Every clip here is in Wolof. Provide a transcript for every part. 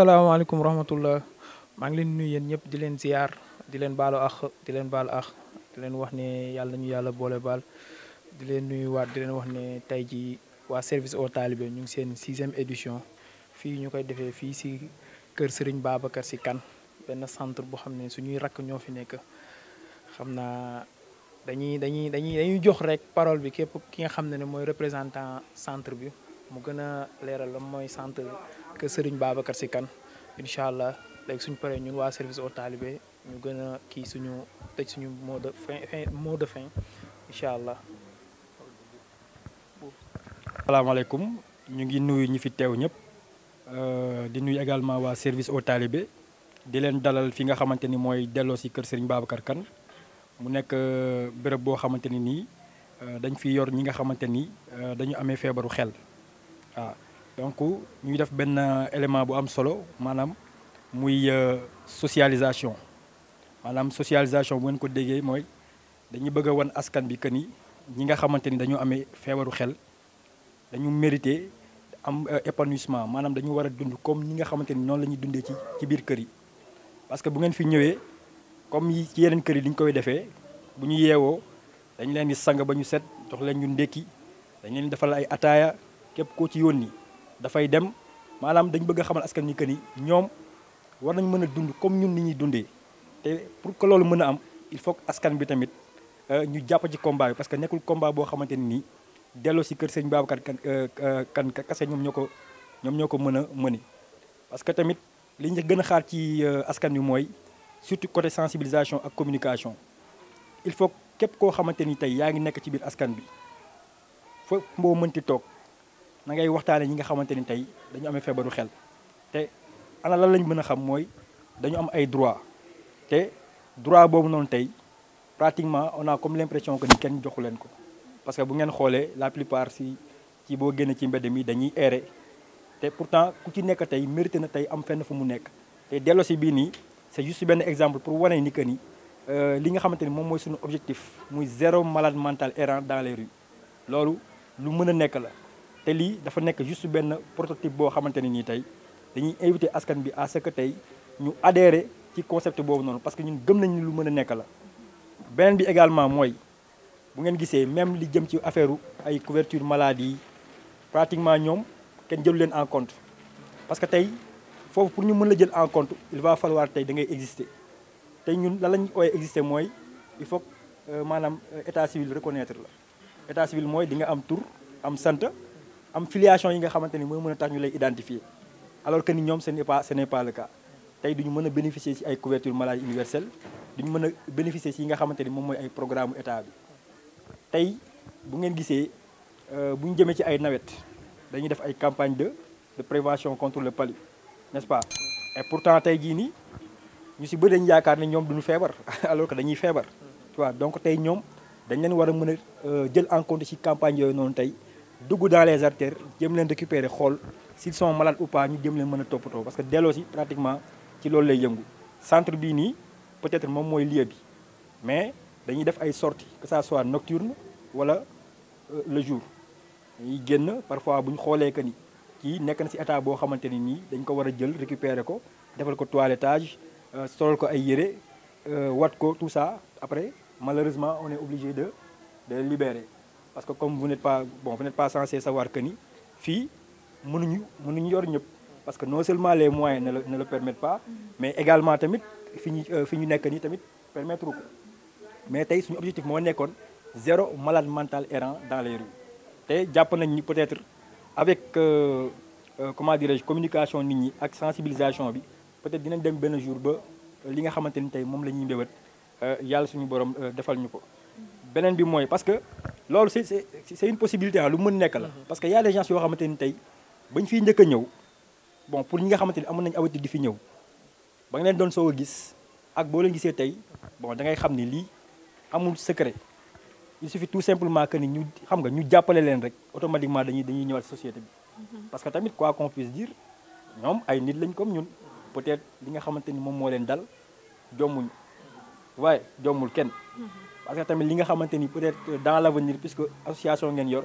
salaamaaleykum wa rahmatullah maa ngi leen nuyu yéen ñëpp di leen ziar di leen baalu ax di leen baal ax di leen wax ne yàlla ñu yàlla boole baal di leen nuyu waat di leen wax ne tey ji waa service au talibé ñu ngi seen sixième édition fii ñu koy defee fii si kër Serigne Babacar Sy Kane benn centre boo xam ne suñuy rakk ñoo fi nekk xam naa dañuy dañuy dañuy dañuy jox rek parole bi képp ki nga xam ne ne mooy représentant centre bi mu gën a leeral la mooy centre bi ak Serigne Babacar incha allah léegi suñ paree ñun waa service au talibé ñu gën a kii suñu tëj suñu mot de fin mot de fin incha allah. asalaamaaleykum ñu ngi nuyu ñi fi teew ñëpp euh, di nuyu également waa service au talibé di leen dalal fi nga xamante ni mooy delloo si kër Serigne Babacar Kane mu nekk euh, béréb boo xamante ni nii euh, dañ fi yor ñi nga xamante ni dañu amee feebaru xel waaw. donc ñuy def benn élément bu am solo maanaam muy euh, socialisation maanaam socialisation bu ngeen ko déggee mooy dañu bëgg a wan askan bi que ni ñi nga xamante ni dañoo amee feebaru xel dañu mérité am euh, épanouissement maanaam dañu war a dund comme ñi nga xamante ni noonu la ñuy dundee ci ci biir kër yi. parce que bu ngeen fi ñëwee comme ci yeneen kër yi dañu koy defee bu ñu yeewoo dañ leen di sang ba ñu set jox leen ñu ndékki dañ leen defal ay ataaya képp koo ci yónni. dafay dem maanaam dañ bëgg a xamal askan ñi que ni ñoom war nañ mën a dund comme ñun ni ñuy dundee te pour que loolu mën a am il faut askan bi tamit euh, ñu jàpp ci combat bi parce que nekkul combat boo xamante ni nii delloo si kër sëñ Babacar kan euh, kan kase ñoom ñoo ko ñoom ñoo ko mën a mëni parce que tamit li ñu gën a xaar ci euh, askan wi mooy surtout côté sensibilisation ak communication il faut képp koo xamante ni tey yaa ngi nekk ci biir askan bi foofu moo mënti toog na ngay waxtaane ñi nga xamante ni tey dañu amee feebaru xel te ana lan lañ mën a xam mooy dañu am ay droit te droit boobu noonu tey pratiquement on a comme l'impression que ni kenn joxu leen ko parce que bu ngeen xoolee la plupart si ci boo génne ci mbedd mi dañuy errer te pourtant ku ci nekk tey mérité na tey am fenn fu mu nekk te dello si bii nii c'est juste benn exemple pour wane ni que ni euh, li nga xamante ni moom mooy suñu objectif muy zéro malade mental errant loolu lu mën a nekk la te lii dafa nekk juste benn prototype boo xamante ne nii tey dañuy invité askan bi à que tey ñu adhéré ci concept boobu noonu parce que ñun gëm nañu lu mën a nekk la. beneen bi également mooy bu ngeen gisee même li jëm ci affaire ay couverture maladie yi pratiquement ñoom kenn jëlu leen en compte parce que tey foofu pour ñu mën la jël en compte il va falloir tey da ngay exister tey ñun lan lañ ooyee exister mooy il faut euh, maanaam euh, état civil reconnaître la état mooy di nga am tur am sant. am filiation yi nga xamante ni mooy mën a tax ñu lay identifier alors que ni ñoom ce n'est pas ce n'est pas le cas tey duñu mën a bénéficier ci ay couverture maladie universelle duñu mën a bénéficier ci yi nga xamante ni moom mooy ay programme état bi tey bu ngeen gisee euh, buñ ñu jëmee ci ay nawet dañuy def ay campagne de de prévention contre le palu nest pas et pourtant tey jii nii ñu si bëri dañu yaakaar ne ñoom duñu feebar alors que dañuy feebar tu vois donc tey ñoom dañ leen war a mën a euh, jël en compte campagne noonu tey dugg dans les artères jëm leen récupérer xool s'ils sont malades ñu jëm leen mën a toppatoo parce que delloo si pratiquement ci loolu lay yëngu centre bii nii peut-être moom mooy lieu bi mais dañuy def ay sorti que ça soit nocturne wala euh, le jour dañuy génn parfois bu ñu xoolee que ni kii nekk na si état boo xamante ni nii dañ ko war a jël récupérer ko defal ko toilettage euh, solal ko ay yére euh, wat ko tout ça après malheureusement on est obligé de de libérer parce que comme vous n'êtes pas bon vous n'êtes pas censé savoir que ni fii mënuñu mënuñu yor ñëpp parce que non seulement les moyens ne le ne le pas mais également tamit fi ñu euh, fi ñu nekk nii tamit permettre ko mais tey suñu objectif moo nekkoon zéro malade mental errant dans les te jàpp nañ ni peut-être avec euh, euh comment dirais communication nit ñi ak sensibilisation bi peut-être dinañ dem benn jour ba li nga xamante ni tey moom la ñuy mbébét euh, yàlla suñu borom defal ñu ko beneen loolu c'est c'est une possibilité ah, lu mën nekk la mhm. parce que y a des gens yoo xamante ni tey bañ fiy njëkk a ñëw bon pour ñi nga xamante ni nañ nañu habitude di fi ñëw ba nga leen doon soo a gis ak boo leen gisee tey bon da ngay xam ni lii amul secret il suffit tout simplement que ni ñu xam nga ñu jàppale leen rek automatiquement dañuy dañuy ñëwaat société bi mhm. parce que tamit quoi qu'on puisse dire ñoom ay nit lañ comme ñun peut-être li nga xamante ni moom moo leen dal jommuñu waaye jommul kenn mhm. parce que tamit li nga xamante ni peut-être euh, dans l'avenir puisque association ngeen yor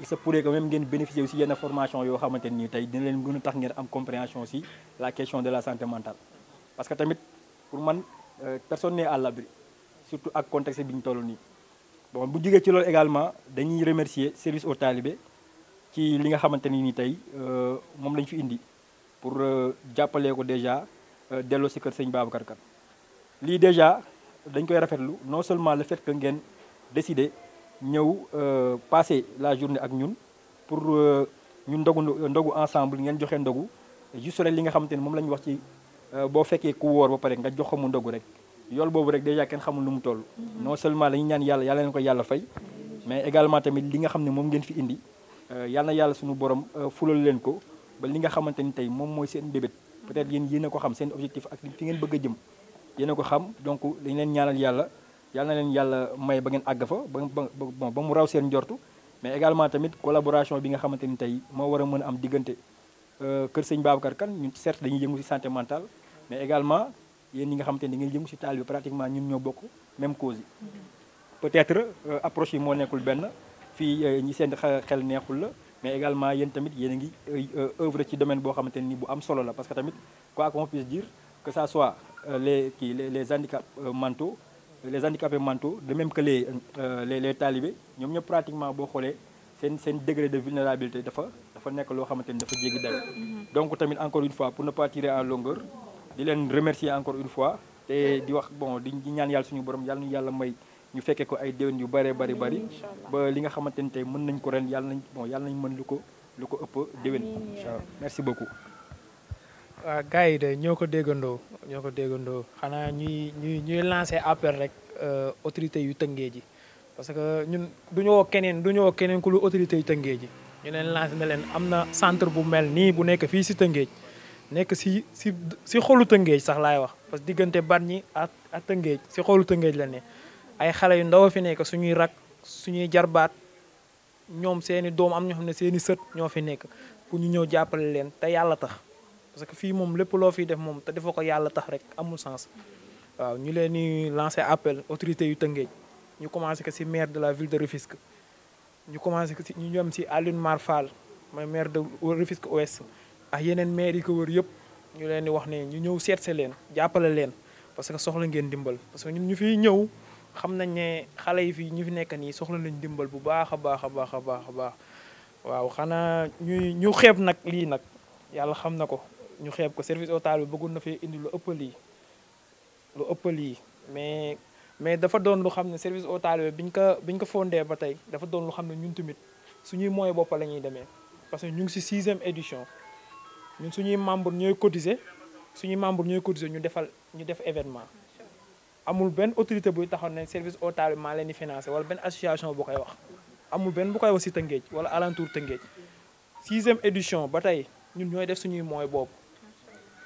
il se pourrait que même ngeen bénéficier aussi yenn formation yoo xamante ni tey dina leen gën a tax ngeen am compréhension aussi la question de la santé parce que tamit pour man euh, personne n'est à l'abri surtout ak contexte bi ñu toll nii bon bu jógee ci loolu également dañuy remercier service aux talibés ci li nga xamante ni ni tey euh, moom lañ fi indi pour jàppalee ko déjà delloo si kër sëñ Babacar Kane dañ koy rafetlu non seulement le fait que ngeen décidé ñëw euh, passer la journée ak ñun pour euh, ñu ndogu ndogu ensemble ngeen joxe ndogu juste rek li nga xamante ni moom la ñu wax ci euh, boo fekkee ku wóor ba pare nga jox ko mu ndogu rek yool boobu rek déjà kenn xamul nu mu toll. Mm-hmm. non seulement lañu ñaan yàlla yàlla leen ko yàlla fay. mais également tamit li nga xam ne moom ngeen fi indi yàlla na yàlla suñu borom fulal leen ko ba li nga xamante ni tey moom mooy seen bébét mm-hmm. peut-être yéen yéen a ko xam seen objectif ak fi ngeen bëgg a jëm. yéen a ko xam donc dañ leen ñaanal yàlla yàlla na leen yàlla may ba ngeen àgg fa ba bon ba mu raw seen njortu mais également tamit collaboration bi nga xamante ni tey moo war a mën a am diggante euh, kër sëñ Babacar Kane ñun certes dañuy yëngu ci santé mentale mais également yéen ñi nga xamante ni ngeen yëngu ci taal bi pratiquement ñun ñoo bokk même cause yi peut-être euh, approche yi moo nekkul benn fii euh, ñi seen xel neexul la mais également yéen tamit yéen a ngi œuvre ci domaine boo xamante ni bu am solo la parce que tamit quoi Euh, les kii les les handicaps euh, mentaux euh, les handicapés mentaux de même que les les les ñoom ñëpp pratiquement boo xoolee seen seen degré de vulnérabilité dafa dafa nekk loo xamante ni dafa jéggi dayo mhm. donc tamit encore une fois pour ne pas tirer en longueur di leen remercier encore une fois te di wax bon di ñaan yàlla suñu borom yàlla ñu yàlla may ñu fekkee ko ay déwén yu bëree bëri bari ba li nga xamante ni tey mën nañ ko ren yàlla nañ bon yàlla nañ mën lu ko lu ko ëpp déwén. incha allah merci waaw gars yi de ñoo ko déggandoo ñoo ko déggandoo xanaa ñuy ñuy ñuy lancer appel rek euh, autorité yu tëngee ji parce que ñun du ñu keneen du ñu keneen ku lu autorité yu tëngee ji ñu leen lancer ne leen am na centre bu mel nii bu nekk fii si tëngéej nekk si si si xolu tëngéej sax laay wax parce que diggante Bargny ak ak tëngéej si xolu tëngéej la ne ay xale yu ndaw a fi nekk suñuy rak suñuy jarbaat ñoom seeni doom am ñoo xam ne seeni sët ñoo fi nekk pour ñu ñëw jàppale leen te yàlla tax parce que fii moom lépp loo fiy def moom te defoo ko yàlla tax rek amul sens waaw ñu leen di lancer appel autorité yu Tëngéej ñu commencé ko si maire de la ville de Rufisque ñu commencé ko si ñu ñoom si Alioune Mar Fall mooy maire de Rufisque Ouest ak yeneen maire yi ko wër yëpp ñu leen di wax ne ñu ñëw seetse leen jàppale leen parce que soxla ngeen dimbal parce que ñun ñu fiy ñëw xam nañ ne xale yi fii ñu fi nekk nii soxla nañ dimbal bu baax a baax a baax a baax a baax waaw xanaa ñuy ñu nag lii nag yàlla xam na ko ñu xeeb ko service au taal bi bëggoon na fi indi lu ëpp lii lu ëpp lii mais mais dafa doon lu xam ne service au taal bi biñ ko biñ ko fondé ba tey dafa doon lu xam ne ñun tamit suñuy moyen boppa la ñuy demee parce que ñu ngi si sixième édition ñun suñuy membre ñooy cotiser suñuy membre ñooy cotiser ñu defal ñu def événement amul benn autorité buy taxaw ne service au taal bi maa leen di financé wala benn association bu koy wax amul benn bu koy wax si Tëngéej wala alentour Tëngéej sixième édition ba tey ñun ñooy def suñuy moyen bopp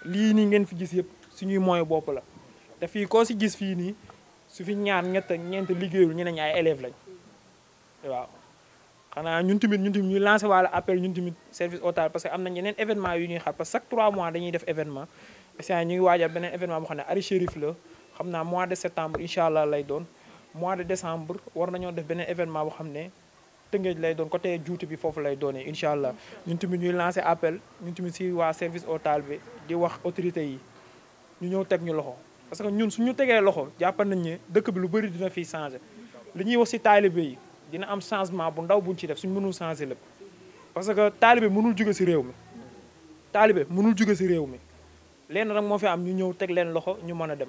lii nii ngeen fi gis yëpp suñuy moyen bopp la te fii koo si gis fii nii su fi ñaar ñett ak ñeent liggéeyul ñu ne ñaay élèves lañ waaw xanaa ñun tamit ñun tamit ñuy lancé walla appel ñun tamit service otage parce que am nañ yeneen événement yu ñuy xaar parce que chaque 3 mois dañuy def événement essane ñu ngi waajal beneen événement boo xam ne Ari Chérif la xam naa mois de septembre incha allah lay doon mois de décembre war nañoo def beneen événement boo xam ne Tëngéej lay doon côté juuti bi foofu lay doonee incha allah ñun tamit ñuy lancé appel ñun tamit si waa service au tal bi di wax autorité yi ñu ñëw teg ñu loxo parce que ñun su ñu tegee loxo jàpp nañ ne dëkk bi lu bëri dina fi changé li ñuy wax si taalibe yi dina am changement bu ndaw buñ ci def suñ mënul changé lépp parce que taalibe mënul jóge si réew mi taalibe mënul jóge si réew mi lenn rek moo fi am ñu ñëw teg leen loxo ñu mën a dem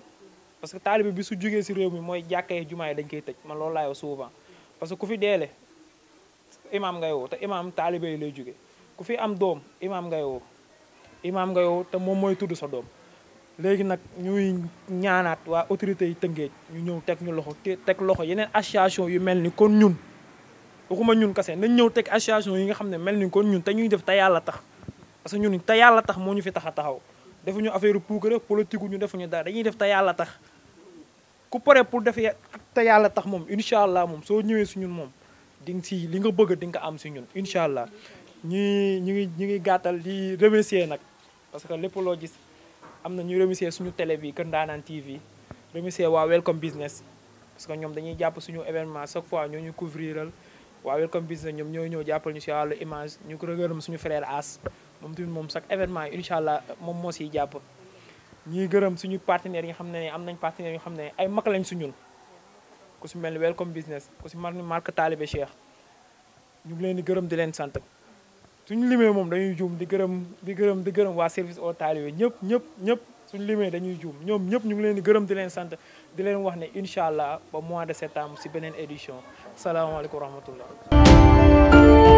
parce que taalibe bi su jógee si réew mi mooy jàkkee jumaa yi dañ koy tëj man loolu laay imaam ngay woo te imaam taalibe yi lay jóge ku fi am doom imaam ngay woo imaam ngay woo te moom mooy tudd sa doom léegi nag ñuy ñaanaat waa autorité yi tëngeej ñu ñëw teg ñu loxo te teg loxo yeneen association yu mel ni kon ñun waxuma ñun kase nañ ñëw teg association yi nga xam ne mel ni kon ñun te def te yàlla tax parce que ñun te yàlla tax moo ñu fi tax a taxaw defuñu affaire puukare politique ñu defuñu dara dañuy def te yàlla tax ku pare pour def te yàlla tax moom incha allah moom soo ñëwee suñun moom di nga si li nga bëgg di nga am si ñun incha allah ñi ñu ngi ñu ngi gàttal lii remercier nag parce que lépp loo gis am na ñuy remercier suñu télé bi Kër Ndaanaan TV remercier waa Welcome Business parce que ñoom dañuy jàpp suñu événement chaque fois ñoo ñu couvriral waa Welcome Business ñoom ñoo ñëw jàppal ñu si wàllu image ñu ko gërëm suñu frère As moom tamit moom chaque événement incha allah moom moo siy jàpp ñuy gërëm suñu partenaires yi xam ne am nañ partenaires yoo xam ne ay mag lañ suñun ku si mel ni welcome business ku si mel ni marque ñu ngi leen di gërëm di leen sant suñu limee moom dañuy juum di gërëm di gërëm di gërëm waa service au talibé ñëpp ñëpp ñëpp suñu limee dañuy juum ñoom ñëpp ñu ngi leen di gërëm di leen sant di leen wax ne incha allah ba mois de septembre si beneen édition salaamaaleykum wa rahmatullah